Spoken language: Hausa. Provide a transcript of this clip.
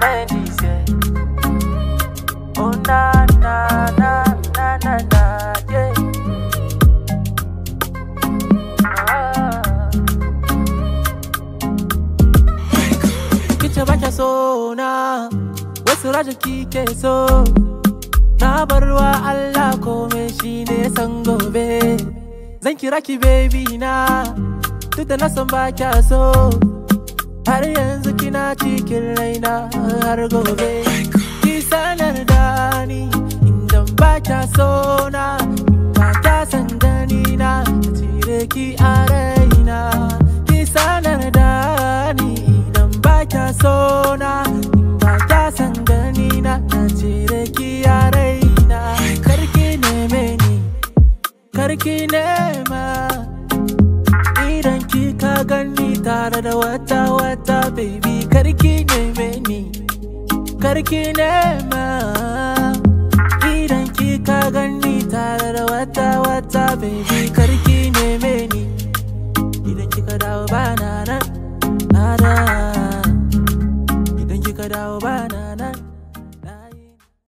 my yeah. Oh, na, na, na, na, na, na, yeah. Ah. Kicha bacha so na, wasu raja kike so. Na barwa Allah kome shi ne san gobe. Zan kira ki baby na, duk da na san ba so. Har yanzu cikin raina har gobe oh ki sanar da ni idan ba ta so na ba ta san dani na cire ki a raina ki da ni idan ba ta so na ba ta san dani na cire ki a raina oh karki neme ni karki nema idan ki ka gani tare da wata wata baby karki neme ni karki nema idan ki ka gani tare da wata wata baby karki neme ni idan ka dawo bana nan idan ka dawo bana nan